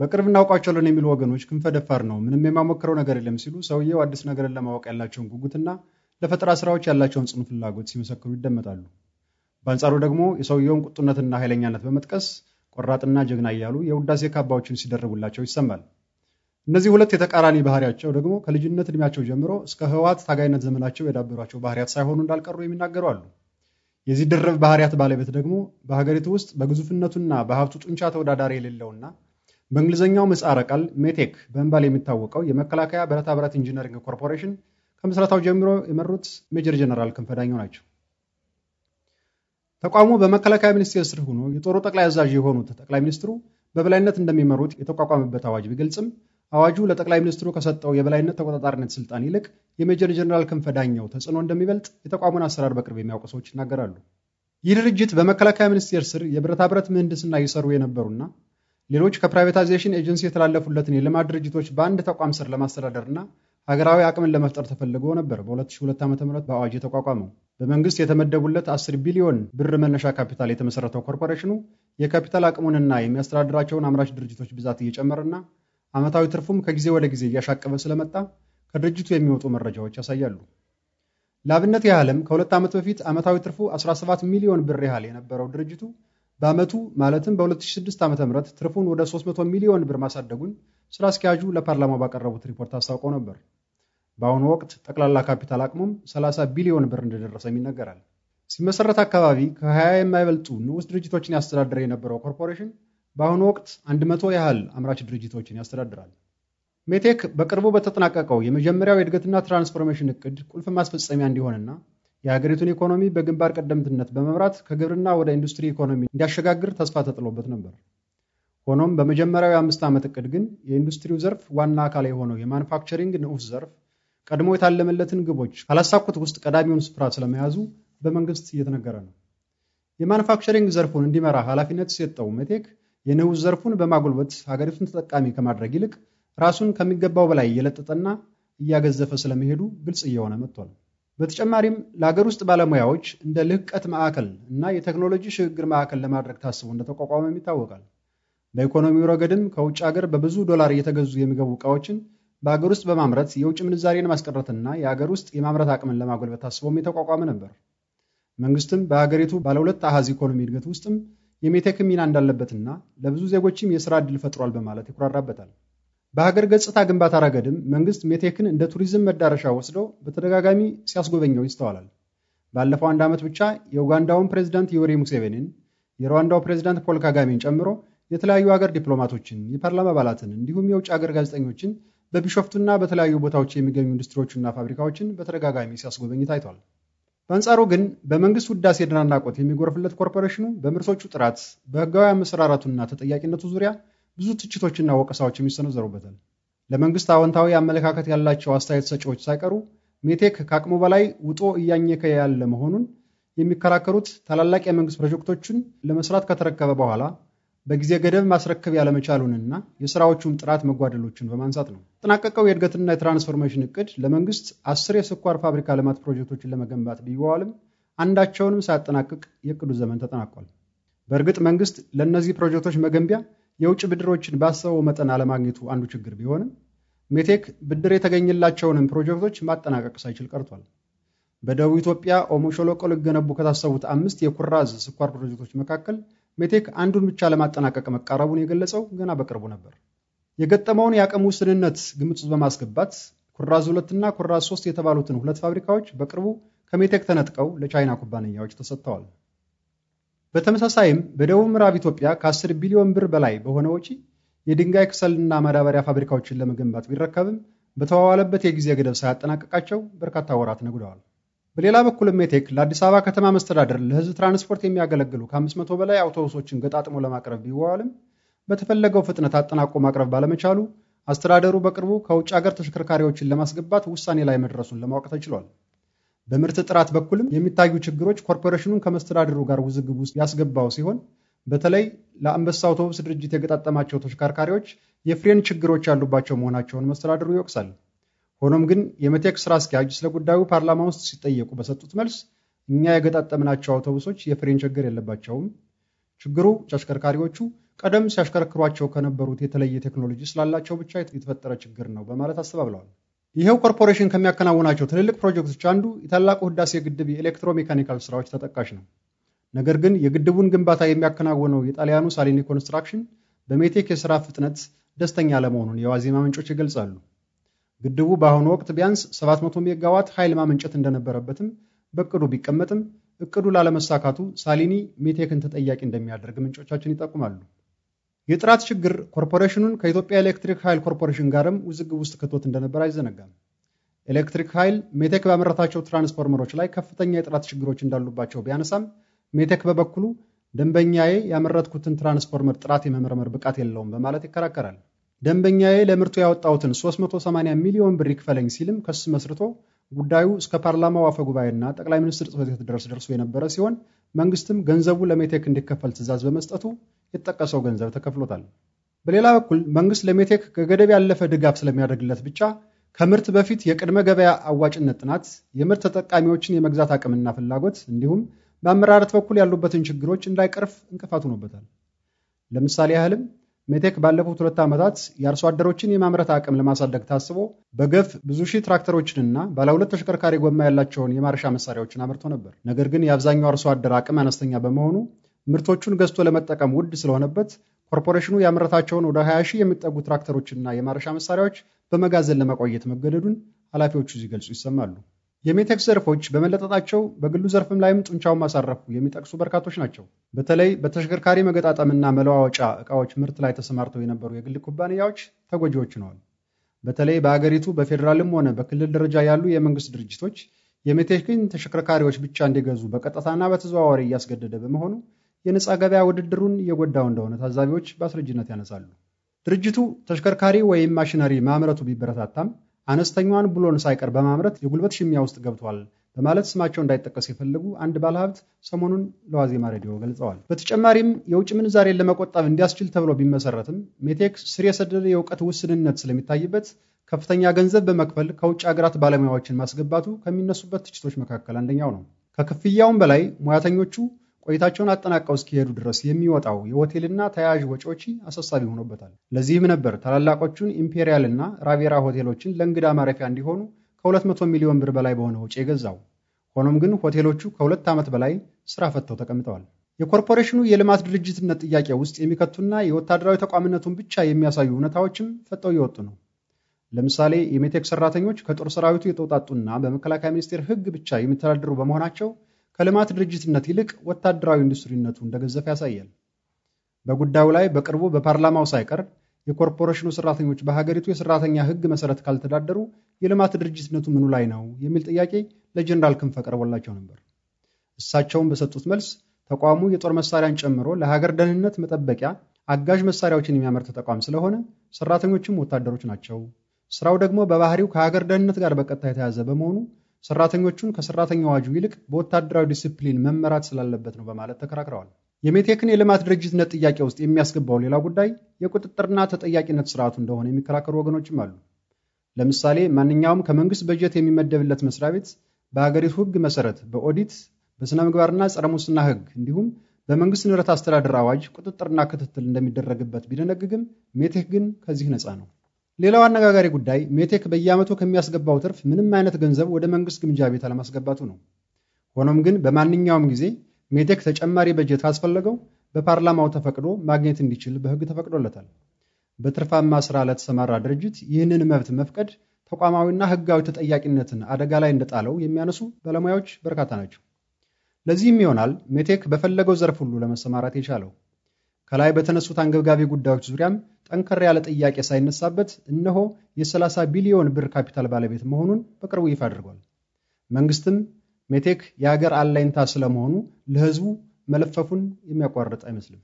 በቅርብ እናውቃቸዋለን የሚሉ ወገኖች ክንፈ ደፋር ነው፣ ምንም የማሞክረው ነገር የለም ሲሉ ሰውየው አዲስ ነገርን ለማወቅ ያላቸውን ጉጉትና ለፈጠራ ስራዎች ያላቸውን ጽኑ ፍላጎት ሲመሰክሩ ይደመጣሉ። በአንጻሩ ደግሞ የሰውየውን ቁጡነትና ኃይለኛነት በመጥቀስ ቆራጥና ጀግና እያሉ የውዳሴ ካባዎችን ሲደርቡላቸው ይሰማል። እነዚህ ሁለት የተቃራኒ ባህሪያቸው ደግሞ ከልጅነት እድሜያቸው ጀምሮ እስከ ህወሓት ታጋይነት ዘመናቸው የዳበሯቸው ባህሪያት ሳይሆኑ እንዳልቀሩ የሚናገሩ አሉ። የዚህ ድርብ ባህሪያት ባለቤት ደግሞ በሀገሪቱ ውስጥ በግዙፍነቱና በሀብቱ ጡንቻ ተወዳዳሪ የሌለውና በእንግሊዝኛው ምጻረ ቃል ሜቴክ በመባል የሚታወቀው የመከላከያ ብረታ ብረት ኢንጂነሪንግ ኮርፖሬሽን ከምስረታው ጀምሮ የመሩት ሜጀር ጀነራል ክንፈዳኛው ናቸው። ተቋሙ በመከላከያ ሚኒስቴር ስር ሆኖ የጦሩ ጠቅላይ አዛዥ የሆኑት ጠቅላይ ሚኒስትሩ በበላይነት እንደሚመሩት የተቋቋመበት አዋጅ ቢገልጽም አዋጁ ለጠቅላይ ሚኒስትሩ ከሰጠው የበላይነት ተቆጣጣሪነት ስልጣን ይልቅ የሜጀር ጀነራል ክንፈ ዳኘው ተጽዕኖ እንደሚበልጥ የተቋሙን አሰራር በቅርብ የሚያውቁ ሰዎች ይናገራሉ። ይህ ድርጅት በመከላከያ ሚኒስቴር ስር የብረታ ብረት ምህንድስና ይሰሩ የነበሩና ሌሎች ከፕራይቬታይዜሽን ኤጀንሲ የተላለፉለትን የልማት ድርጅቶች በአንድ ተቋም ስር ለማስተዳደር እና ሀገራዊ አቅምን ለመፍጠር ተፈልጎ ነበር በ2002 ዓ ም በአዋጅ የተቋቋመው። በመንግስት የተመደቡለት 10 ቢሊዮን ብር መነሻ ካፒታል የተመሰረተው ኮርፖሬሽኑ የካፒታል አቅሙንና የሚያስተዳድራቸውን አምራች ድርጅቶች ብዛት እየጨመረና ዓመታዊ ትርፉም ከጊዜ ወደ ጊዜ እያሻቀበ ስለመጣ ከድርጅቱ የሚወጡ መረጃዎች ያሳያሉ። ለአብነት ያህልም ከሁለት ዓመት በፊት ዓመታዊ ትርፉ 17 ሚሊዮን ብር ያህል የነበረው ድርጅቱ በዓመቱ ማለትም በ2006 ዓ ም ትርፉን ወደ 300 ሚሊዮን ብር ማሳደጉን ስራ አስኪያጁ ለፓርላማው ባቀረቡት ሪፖርት አስታውቀው ነበር። በአሁኑ ወቅት ጠቅላላ ካፒታል አቅሙም 30 ቢሊዮን ብር እንደደረሰም ይነገራል። ሲመሰረት አካባቢ ከ20 የማይበልጡ ንዑስ ድርጅቶችን ያስተዳደረ የነበረው ኮርፖሬሽን በአሁኑ ወቅት 100 ያህል አምራች ድርጅቶችን ያስተዳድራል። ሜቴክ በቅርቡ በተጠናቀቀው የመጀመሪያው የእድገትና ትራንስፎርሜሽን እቅድ ቁልፍ ማስፈጸሚያ እንዲሆንና የሀገሪቱን ኢኮኖሚ በግንባር ቀደምትነት በመምራት ከግብርና ወደ ኢንዱስትሪ ኢኮኖሚ እንዲያሸጋግር ተስፋ ተጥሎበት ነበር። ሆኖም በመጀመሪያው የአምስት ዓመት እቅድ ግን የኢንዱስትሪው ዘርፍ ዋና አካል የሆነው የማኑፋክቸሪንግ ንዑስ ዘርፍ ቀድሞ የታለመለትን ግቦች ካላሳኩት ውስጥ ቀዳሚውን ስፍራ ስለመያዙ በመንግስት እየተነገረ ነው። የማኑፋክቸሪንግ ዘርፉን እንዲመራ ኃላፊነት ሲሰጠው መቴክ የንዑስ ዘርፉን በማጎልበት ሀገሪቱን ተጠቃሚ ከማድረግ ይልቅ ራሱን ከሚገባው በላይ እየለጠጠና እያገዘፈ ስለመሄዱ ግልጽ እየሆነ መጥቷል። በተጨማሪም ለሀገር ውስጥ ባለሙያዎች እንደ ልህቀት ማዕከል እና የቴክኖሎጂ ሽግግር ማዕከል ለማድረግ ታስቦ እንደተቋቋመም ይታወቃል። በኢኮኖሚው ረገድም ከውጭ ሀገር በብዙ ዶላር እየተገዙ የሚገቡ እቃዎችን በሀገር ውስጥ በማምረት የውጭ ምንዛሬን ማስቀረትና የሀገር ውስጥ የማምረት አቅምን ለማጎልበት ታስቦም የተቋቋመ ነበር። መንግስትም በሀገሪቱ ባለሁለት አሃዝ ኢኮኖሚ እድገት ውስጥም የሜቴክ ሚና እንዳለበትና ለብዙ ዜጎችም የስራ ዕድል ፈጥሯል በማለት ይኩራራበታል። በሀገር ገጽታ ግንባታ ረገድም መንግስት ሜቴክን እንደ ቱሪዝም መዳረሻ ወስዶ በተደጋጋሚ ሲያስጎበኘው ይስተዋላል። ባለፈው አንድ ዓመት ብቻ የኡጋንዳውን ፕሬዚዳንት ዮዌሪ ሙሴቬኒን፣ የሩዋንዳው ፕሬዚዳንት ፖል ካጋሜን ጨምሮ የተለያዩ ሀገር ዲፕሎማቶችን፣ የፓርላማ አባላትን እንዲሁም የውጭ ሀገር ጋዜጠኞችን በቢሾፍቱና በተለያዩ ቦታዎች የሚገኙ ኢንዱስትሪዎችና ፋብሪካዎችን በተደጋጋሚ ሲያስጎበኝ ታይቷል። በአንጻሩ ግን በመንግስት ውዳሴ ድናናቆት የሚጎርፍለት ኮርፖሬሽኑ በምርቶቹ ጥራት፣ በህጋዊ አመሰራረቱና ተጠያቂነቱ ዙሪያ ብዙ ትችቶችና ወቀሳዎች ይሰነዘሩበታል። ለመንግስት አዎንታዊ አመለካከት ያላቸው አስተያየት ሰጪዎች ሳይቀሩ ሜቴክ ከአቅሙ በላይ ውጦ እያኘከ ያለ መሆኑን የሚከራከሩት ታላላቅ የመንግስት ፕሮጀክቶችን ለመስራት ከተረከበ በኋላ በጊዜ ገደብ ማስረከብ ያለመቻሉንና የስራዎቹም ጥራት መጓደሎችን በማንሳት ነው። የተጠናቀቀው የእድገትና የትራንስፎርሜሽን እቅድ ለመንግስት አስር የስኳር ፋብሪካ ልማት ፕሮጀክቶችን ለመገንባት ቢዋዋልም አንዳቸውንም ሳያጠናቅቅ የእቅዱ ዘመን ተጠናቋል። በእርግጥ መንግስት ለእነዚህ ፕሮጀክቶች መገንቢያ የውጭ ብድሮችን ባሰበው መጠን አለማግኘቱ አንዱ ችግር ቢሆንም ሜቴክ ብድር የተገኘላቸውንም ፕሮጀክቶች ማጠናቀቅ ሳይችል ቀርቷል። በደቡብ ኢትዮጵያ ኦሞ ሸለቆ ሊገነቡ ከታሰቡት አምስት የኩራዝ ስኳር ፕሮጀክቶች መካከል ሜቴክ አንዱን ብቻ ለማጠናቀቅ መቃረቡን የገለጸው ገና በቅርቡ ነበር። የገጠመውን የአቅም ውስንነት ግምት ውስጥ በማስገባት ኩራዝ እና ኩራዝ ሶስት የተባሉትን ሁለት ፋብሪካዎች በቅርቡ ከሜቴክ ተነጥቀው ለቻይና ኩባንያዎች ተሰጥተዋል። በተመሳሳይም በደቡብ ምዕራብ ኢትዮጵያ ከ10 ቢሊዮን ብር በላይ በሆነ ወጪ የድንጋይ ክሰልና ማዳበሪያ ፋብሪካዎችን ለመገንባት ቢረከብም በተዋዋለበት የጊዜ ገደብ ሳያጠናቀቃቸው በርካታ ወራት ነጉደዋል። በሌላ በኩል ሜቴክ ለአዲስ አበባ ከተማ መስተዳደር ለሕዝብ ትራንስፖርት የሚያገለግሉ ከ500 በላይ አውቶቡሶችን ገጣጥሞ ለማቅረብ ቢዋዋልም በተፈለገው ፍጥነት አጠናቆ ማቅረብ ባለመቻሉ አስተዳደሩ በቅርቡ ከውጭ ሀገር ተሽከርካሪዎችን ለማስገባት ውሳኔ ላይ መድረሱን ለማወቅ ተችሏል። በምርት ጥራት በኩልም የሚታዩ ችግሮች ኮርፖሬሽኑን ከመስተዳድሩ ጋር ውዝግብ ውስጥ ያስገባው ሲሆን በተለይ ለአንበሳ አውቶቡስ ድርጅት የገጣጠማቸው ተሽከርካሪዎች የፍሬን ችግሮች ያሉባቸው መሆናቸውን መስተዳድሩ ይወቅሳል። ሆኖም ግን የመቴክ ስራ አስኪያጅ ስለ ጉዳዩ ፓርላማ ውስጥ ሲጠየቁ በሰጡት መልስ እኛ የገጣጠምናቸው አውቶቡሶች የፍሬን ችግር የለባቸውም፣ ችግሩ ተሽከርካሪዎቹ ቀደም ሲያሽከረክሯቸው ከነበሩት የተለየ ቴክኖሎጂ ስላላቸው ብቻ የተፈጠረ ችግር ነው በማለት አስተባብለዋል። ይኸው ኮርፖሬሽን ከሚያከናውናቸው ትልልቅ ፕሮጀክቶች አንዱ የታላቁ ህዳሴ ግድብ የኤሌክትሮሜካኒካል ስራዎች ተጠቃሽ ነው። ነገር ግን የግድቡን ግንባታ የሚያከናውነው የጣሊያኑ ሳሊኒ ኮንስትራክሽን በሜቴክ የስራ ፍጥነት ደስተኛ አለመሆኑን የዋዜማ ምንጮች ይገልጻሉ። ግድቡ በአሁኑ ወቅት ቢያንስ 700 ሜጋዋት ኃይል ማመንጨት እንደነበረበትም በእቅዱ ቢቀመጥም እቅዱ ላለመሳካቱ ሳሊኒ ሜቴክን ተጠያቂ እንደሚያደርግ ምንጮቻችን ይጠቁማሉ። የጥራት ችግር ኮርፖሬሽኑን ከኢትዮጵያ ኤሌክትሪክ ኃይል ኮርፖሬሽን ጋርም ውዝግብ ውስጥ ከቶት እንደነበር አይዘነጋም። ኤሌክትሪክ ኃይል ሜቴክ ባመረታቸው ትራንስፎርመሮች ላይ ከፍተኛ የጥራት ችግሮች እንዳሉባቸው ቢያነሳም ሜቴክ በበኩሉ ደንበኛዬ ያመረትኩትን ትራንስፎርመር ጥራት የመመርመር ብቃት የለውም በማለት ይከራከራል። ደንበኛዬ ለምርቱ ያወጣሁትን 380 ሚሊዮን ብር ይክፈለኝ ሲልም ክስ መስርቶ ጉዳዩ እስከ ፓርላማው አፈ ጉባኤና ጠቅላይ ሚኒስትር ጽሕፈት ቤት ድረስ ደርሶ የነበረ ሲሆን መንግስትም ገንዘቡ ለሜቴክ እንዲከፈል ትዕዛዝ በመስጠቱ የተጠቀሰው ገንዘብ ተከፍሎታል። በሌላ በኩል መንግስት ለሜቴክ ከገደብ ያለፈ ድጋፍ ስለሚያደርግለት ብቻ ከምርት በፊት የቅድመ ገበያ አዋጭነት ጥናት፣ የምርት ተጠቃሚዎችን የመግዛት አቅምና ፍላጎት እንዲሁም በአመራረት በኩል ያሉበትን ችግሮች እንዳይቀርፍ እንቅፋት ሆኖበታል። ለምሳሌ ያህልም ሜቴክ ባለፉት ሁለት ዓመታት የአርሶ አደሮችን የማምረት አቅም ለማሳደግ ታስቦ በገፍ ብዙ ሺህ ትራክተሮችንና ባለ ሁለት ተሽከርካሪ ጎማ ያላቸውን የማረሻ መሳሪያዎችን አምርቶ ነበር። ነገር ግን የአብዛኛው አርሶ አደር አቅም አነስተኛ በመሆኑ ምርቶቹን ገዝቶ ለመጠቀም ውድ ስለሆነበት ኮርፖሬሽኑ ያመረታቸውን ወደ 20 ሺህ የሚጠጉ ትራክተሮችና የማረሻ መሳሪያዎች በመጋዘን ለመቆየት መገደዱን ኃላፊዎቹ ሲገልጹ ይሰማሉ። የሜቴክስ ዘርፎች በመለጠጣቸው በግሉ ዘርፍም ላይም ጡንቻውን ማሳረፉ የሚጠቅሱ በርካቶች ናቸው። በተለይ በተሽከርካሪ መገጣጠምና መለዋወጫ እቃዎች ምርት ላይ ተሰማርተው የነበሩ የግል ኩባንያዎች ተጎጂዎች ነዋል። በተለይ በአገሪቱ በፌዴራልም ሆነ በክልል ደረጃ ያሉ የመንግስት ድርጅቶች የሜቴክን ተሽከርካሪዎች ብቻ እንዲገዙ በቀጥታና በተዘዋዋሪ እያስገደደ በመሆኑ የነፃ ገበያ ውድድሩን የጎዳው እንደሆነ ታዛቢዎች በአስረጅነት ያነሳሉ። ድርጅቱ ተሽከርካሪ ወይም ማሽነሪ ማምረቱ ቢበረታታም አነስተኛዋን ብሎን ሳይቀር በማምረት የጉልበት ሽሚያ ውስጥ ገብቷል በማለት ስማቸው እንዳይጠቀስ የፈለጉ አንድ ባለሀብት ሰሞኑን ለዋዜማ ሬዲዮ ገልጸዋል። በተጨማሪም የውጭ ምንዛሬን ለመቆጠብ እንዲያስችል ተብሎ ቢመሰረትም ሜቴክ ስር የሰደደ የእውቀት ውስንነት ስለሚታይበት ከፍተኛ ገንዘብ በመክፈል ከውጭ ሀገራት ባለሙያዎችን ማስገባቱ ከሚነሱበት ትችቶች መካከል አንደኛው ነው። ከክፍያውም በላይ ሙያተኞቹ ቆይታቸውን አጠናቀው እስኪሄዱ ድረስ የሚወጣው የሆቴልና ተያያዥ ወጪዎች አሳሳቢ ሆኖበታል። ለዚህም ነበር ታላላቆቹን ኢምፔሪያልና ራቬራ ሆቴሎችን ለእንግዳ ማረፊያ እንዲሆኑ ከ200 ሚሊዮን ብር በላይ በሆነ ወጪ የገዛው። ሆኖም ግን ሆቴሎቹ ከሁለት ዓመት በላይ ስራ ፈትተው ተቀምጠዋል። የኮርፖሬሽኑ የልማት ድርጅትነት ጥያቄ ውስጥ የሚከቱና የወታደራዊ ተቋምነቱን ብቻ የሚያሳዩ እውነታዎችም ፈጠው እየወጡ ነው። ለምሳሌ የሜቴክ ሰራተኞች ከጦር ሰራዊቱ የተውጣጡና በመከላከያ ሚኒስቴር ሕግ ብቻ የሚተዳደሩ በመሆናቸው ከልማት ድርጅትነት ይልቅ ወታደራዊ ኢንዱስትሪነቱ እንደገዘፈ ያሳያል። በጉዳዩ ላይ በቅርቡ በፓርላማው ሳይቀር የኮርፖሬሽኑ ሰራተኞች በሀገሪቱ የሰራተኛ ሕግ መሰረት ካልተዳደሩ የልማት ድርጅትነቱ ምኑ ላይ ነው የሚል ጥያቄ ለጀኔራል ክንፈ ቀርቦላቸው ነበር። እሳቸውም በሰጡት መልስ ተቋሙ የጦር መሳሪያን ጨምሮ ለሀገር ደህንነት መጠበቂያ አጋዥ መሳሪያዎችን የሚያመርት ተቋም ስለሆነ ሰራተኞችም ወታደሮች ናቸው፣ ስራው ደግሞ በባህሪው ከሀገር ደህንነት ጋር በቀጥታ የተያዘ በመሆኑ ሰራተኞቹን ከሰራተኛ አዋጁ ይልቅ በወታደራዊ ዲስፕሊን መመራት ስላለበት ነው በማለት ተከራክረዋል። የሜቴክን የልማት ድርጅትነት ጥያቄ ውስጥ የሚያስገባው ሌላ ጉዳይ የቁጥጥርና ተጠያቂነት ስርዓቱ እንደሆነ የሚከራከሩ ወገኖችም አሉ። ለምሳሌ ማንኛውም ከመንግስት በጀት የሚመደብለት መስሪያ ቤት በሀገሪቱ ህግ መሰረት በኦዲት በሥነ ምግባርና ጸረ ሙስና ህግ እንዲሁም በመንግስት ንብረት አስተዳደር አዋጅ ቁጥጥርና ክትትል እንደሚደረግበት ቢደነግግም ሜቴክ ግን ከዚህ ነፃ ነው። ሌላው አነጋጋሪ ጉዳይ ሜቴክ በየዓመቱ ከሚያስገባው ትርፍ ምንም አይነት ገንዘብ ወደ መንግስት ግምጃ ቤት አለማስገባቱ ነው። ሆኖም ግን በማንኛውም ጊዜ ሜቴክ ተጨማሪ በጀት ካስፈለገው በፓርላማው ተፈቅዶ ማግኘት እንዲችል በሕግ ተፈቅዶለታል። በትርፋማ ስራ ለተሰማራ ድርጅት ይህንን መብት መፍቀድ ተቋማዊና ሕጋዊ ተጠያቂነትን አደጋ ላይ እንደጣለው የሚያነሱ ባለሙያዎች በርካታ ናቸው። ለዚህም ይሆናል ሜቴክ በፈለገው ዘርፍ ሁሉ ለመሰማራት የቻለው። ከላይ በተነሱት አንገብጋቢ ጉዳዮች ዙሪያም ጠንከር ያለ ጥያቄ ሳይነሳበት እነሆ የ30 ቢሊዮን ብር ካፒታል ባለቤት መሆኑን በቅርቡ ይፋ አድርጓል። መንግስትም ሜቴክ የሀገር አለኝታ ስለመሆኑ ለህዝቡ መለፈፉን የሚያቋርጥ አይመስልም።